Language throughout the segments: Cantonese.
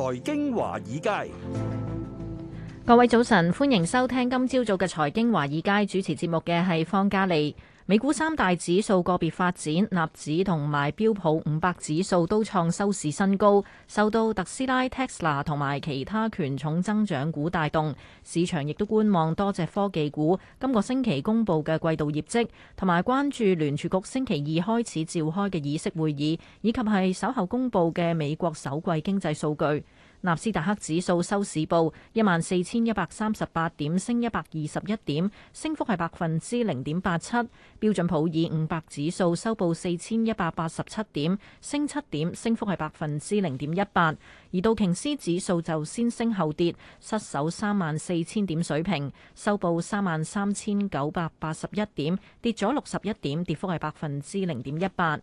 財經華爾街，各位早晨，歡迎收聽今朝早嘅財經華爾街主持節目嘅係方嘉利，美股三大指數個別發展，納指同埋標普五百指數都創收市新高，受到特斯拉 Tesla 同埋其他權重增長股帶動。市場亦都觀望多隻科技股今個星期公布嘅季度業績，同埋關注聯儲局星期二開始召開嘅議息會議，以及係稍後公布嘅美國首季經濟數據。納斯達克指數收市報一萬四千一百三十八點，升一百二十一點，升幅係百分之零點八七。標準普爾五百指數收報四千一百八十七點，升七點，升幅係百分之零點一八。而道瓊斯指數就先升後跌，失守三萬四千點水平，收報三萬三千九百八十一點，跌咗六十一點，跌幅係百分之零點一八。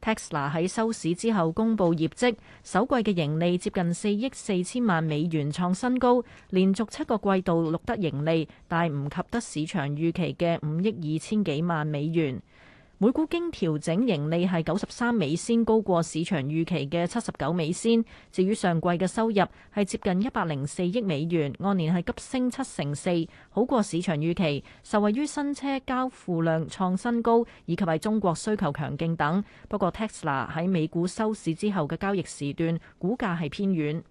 Tesla 喺收市之後公佈業績，首季嘅盈利接近四億四千萬美元，創新高，連續七個季度錄得盈利，但唔及得市場預期嘅五億二千幾萬美元。每股經調整盈利係九十三美仙，高過市場預期嘅七十九美仙。至於上季嘅收入係接近一百零四億美元，按年係急升七成四，好過市場預期，受惠於新車交付量創新高以及係中國需求強勁等。不過 Tesla 喺美股收市之後嘅交易時段，股價係偏軟。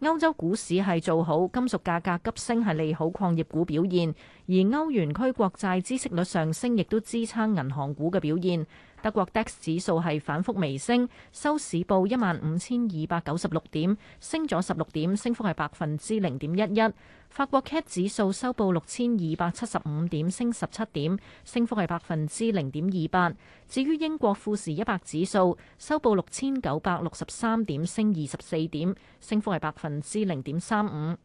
歐洲股市係做好，金屬價格急升係利好礦業股表現，而歐元區國債孳息率上升亦都支撐銀行股嘅表現。德國 DAX 指數係反覆微升，收市報一萬五千二百九十六點，升咗十六點，升幅係百分之零點一一。法國 CAC 指數收報六千二百七十五點，升十七點，升幅係百分之零點二八。至於英國富時一百指數收報六千九百六十三點，升二十四點，升幅係百分之零點三五。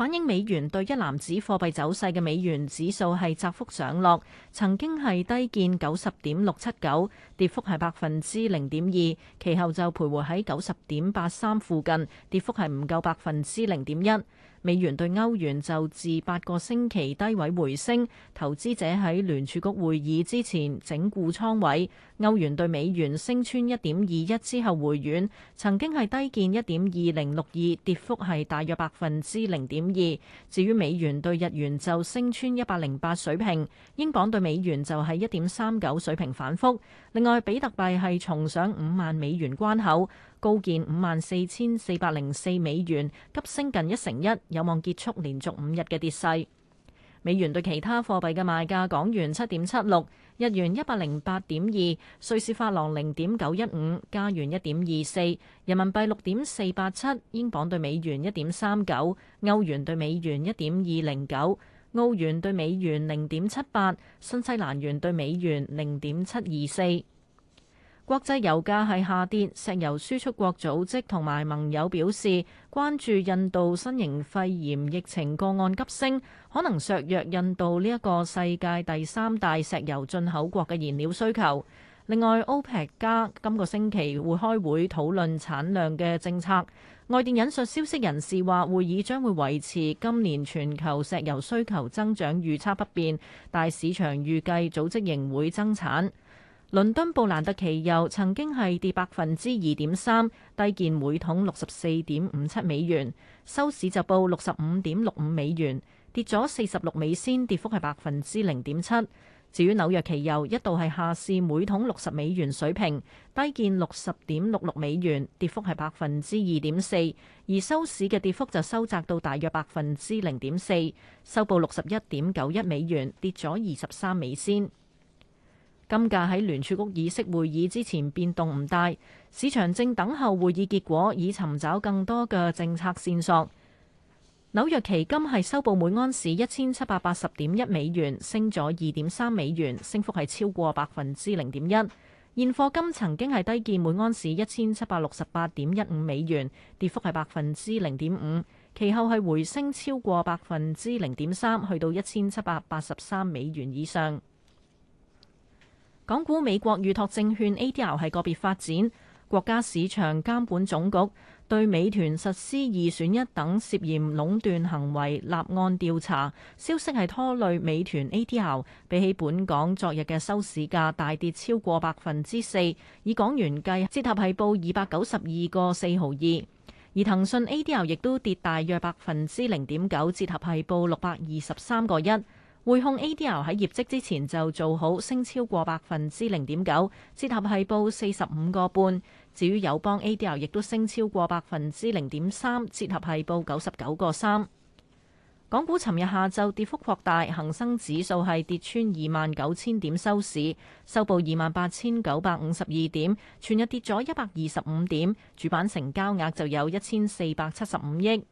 反映美元對一籃子貨幣走勢嘅美元指數係窄幅上落，曾經係低見九十點六七九，跌幅係百分之零點二，其後就徘徊喺九十點八三附近，跌幅係唔夠百分之零點一。美元對歐元就自八個星期低位回升，投資者喺聯儲局會議之前整固倉位。歐元對美元升穿一點二一之後回軟，曾經係低見一點二零六二，跌幅係大約百分之零點二。至於美元兌日元就升穿一百零八水平，英鎊兌美元就係一點三九水平反覆，另外，比特幣係重上五萬美元關口。高見五萬四千四百零四美元，急升近一成一，有望結束連續五日嘅跌勢。美元對其他貨幣嘅賣價：港元七點七六，日元一百零八點二，瑞士法郎零點九一五，加元一點二四，人民幣六點四八七，英鎊對美元一點三九，歐元對美元一點二零九，澳元對美元零點七八，新西蘭元對美元零點七二四。國際油價係下跌，石油輸出國組織同埋盟友表示關注印度新型肺炎疫情個案急升，可能削弱印度呢一個世界第三大石油進口國嘅燃料需求。另外，歐佩克加今個星期會開會討論產量嘅政策。外電引述消息人士話，會議將會維持今年全球石油需求增長預測不變，但市場預計組織仍會增產。倫敦布蘭特期油曾經係跌百分之二點三，低見每桶六十四點五七美元，收市就報六十五點六五美元，跌咗四十六美仙，跌幅係百分之零點七。至於紐約期油一度係下試每桶六十美元水平，低見六十點六六美元，跌幅係百分之二點四，而收市嘅跌幅就收窄到大約百分之零點四，收報六十一點九一美元，跌咗二十三美仙。金價喺聯儲局議息會議之前變動唔大，市場正等候會議結果，以尋找更多嘅政策線索。紐約期金係收報每安士一千七百八十點一美元，升咗二點三美元，升幅係超過百分之零點一。現貨金曾經係低見每安士一千七百六十八點一五美元，跌幅係百分之零點五，其後係回升超過百分之零點三，去到一千七百八十三美元以上。港股、美國預託證券 ADR 係個別發展。國家市場監管總局對美團實施二選一等涉嫌壟斷行為立案調查，消息係拖累美團 ADR。比起本港昨日嘅收市價，大跌超過百分之四，以港元計，折合係報二百九十二個四毫二。而騰訊 ADR 亦都跌大約百分之零點九，折合係報六百二十三個一。匯控 ADR 喺業績之前就做好升超過百分之零點九，折合係報四十五個半。至於友邦 ADR 亦都升超過百分之零點三，折合係報九十九個三。港股尋日下晝跌幅擴大，恒生指數係跌穿二萬九千點收市，收報二萬八千九百五十二點，全日跌咗一百二十五點。主板成交額就有一千四百七十五億。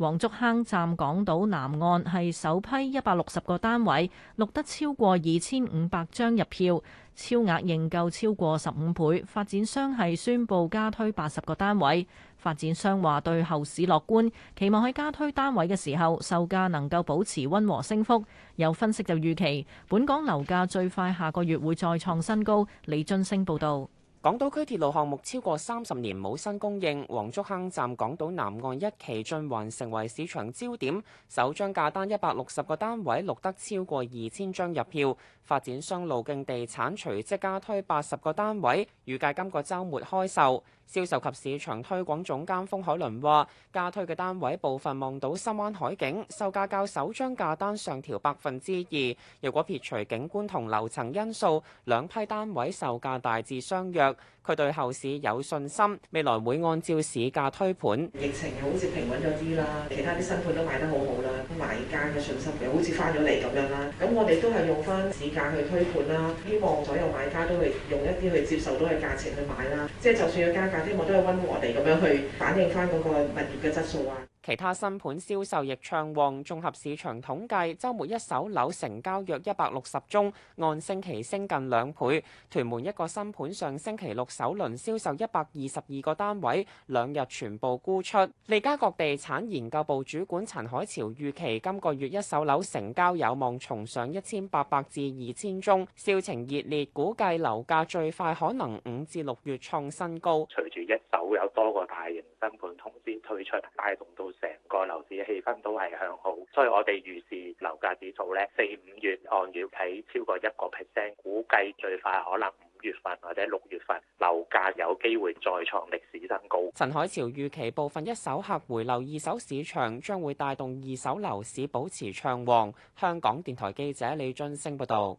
黃竹坑站港島南岸係首批一百六十個單位錄得超過二千五百張入票，超額認購超過十五倍。發展商係宣布加推八十個單位。發展商話對後市樂觀，期望喺加推單位嘅時候，售價能夠保持溫和升幅。有分析就預期本港樓價最快下個月會再創新高。李俊升報道。港島區鐵路項目超過三十年冇新供應，黃竹坑站港島南岸一期晉環成為市場焦點，首張價單一百六十個單位錄得超過二千張入票，發展商路勁地產隨即加推八十個單位，預計今個週末開售。銷售及市場推廣總監封海倫話：加推嘅單位部分望到深灣海景，售價較首張價單上調百分之二。若果撇除景觀同樓層因素，兩批單位售價大致相約。佢對後市有信心，未來會按照市價推盤。疫情好似平穩咗啲啦，其他啲新盤都賣得好好啦，買家嘅信心又好似翻咗嚟咁樣啦。咁我哋都係用翻市價去推盤啦，希望所有買家都係用一啲去接受到嘅價錢去買啦。即係就算要加價。我哋都係溫和地咁樣去反映翻嗰個物業嘅質素啊。其他新盤銷售亦暢旺，綜合市場統計，週末一手樓成交約一百六十宗，按星期升近兩倍。屯門一個新盤上星期六首輪銷售一百二十二個單位，兩日全部沽出。利嘉閣地產研究部主管陳海潮預期今個月一手樓成交有望重上一千八百至二千宗，銷情熱烈，估計樓價最快可能五至六月創新高。隨住一手會有多個大型新盤同時推出，帶動到成個樓市氣氛都係向好，所以我哋預示樓價指數咧，四五月按月睇超過一個 percent，估計最快可能五月份或者六月份樓價有機會再創歷史新高。陳海潮預期部分一手客回流二手市場，將會帶動二手樓市保持暢旺。香港電台記者李俊升報道。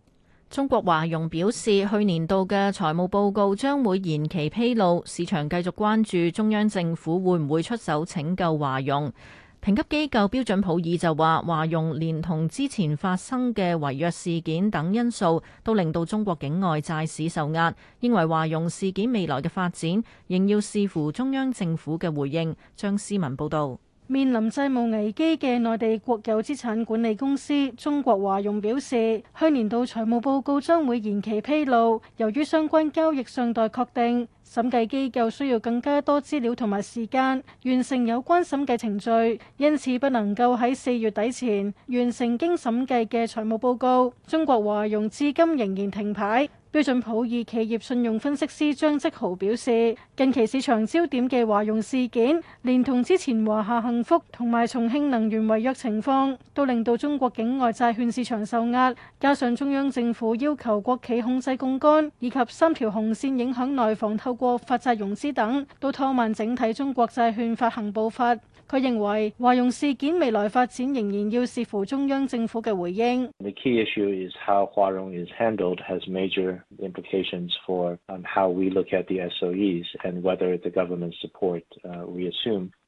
中國華融表示，去年度嘅財務報告將會延期披露，市場繼續關注中央政府會唔會出手拯救華融。評級機構標準普爾就話，華融連同之前發生嘅違約事件等因素，都令到中國境外債市受壓，認為華融事件未來嘅發展仍要視乎中央政府嘅回應。張思文報道。面臨債務危機嘅內地國有資產管理公司中國華融表示，去年度財務報告將會延期披露，由於相關交易尚待確定，審計機構需要更加多資料同埋時間完成有關審計程序，因此不能夠喺四月底前完成經審計嘅財務報告。中國華融至今仍然停牌。標準普爾企業信用分析師張積豪表示，近期市場焦點嘅華融事件，連同之前華夏幸福同埋重慶能源違約情況，都令到中國境外債券市場受壓。加上中央政府要求國企控制槓桿，以及三條紅線影響內房透過發債融資等，都拖慢整體中國債券發行步伐。佢認為華融事件未來發展仍然要視乎中央政府嘅回應。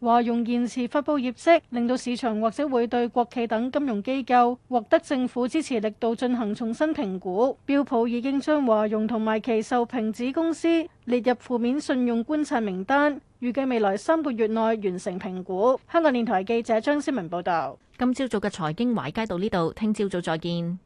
華融延遲發布業績，令到市場或者會對國企等金融機構獲得政府支持力度進行重新評估。標普已經將華融同埋其受評子公司列入負面信用觀察名單，預計未來三個月內完成評估。香港電台記者張思文報道。今朝早嘅財經華爾街到呢度，聽朝早再見。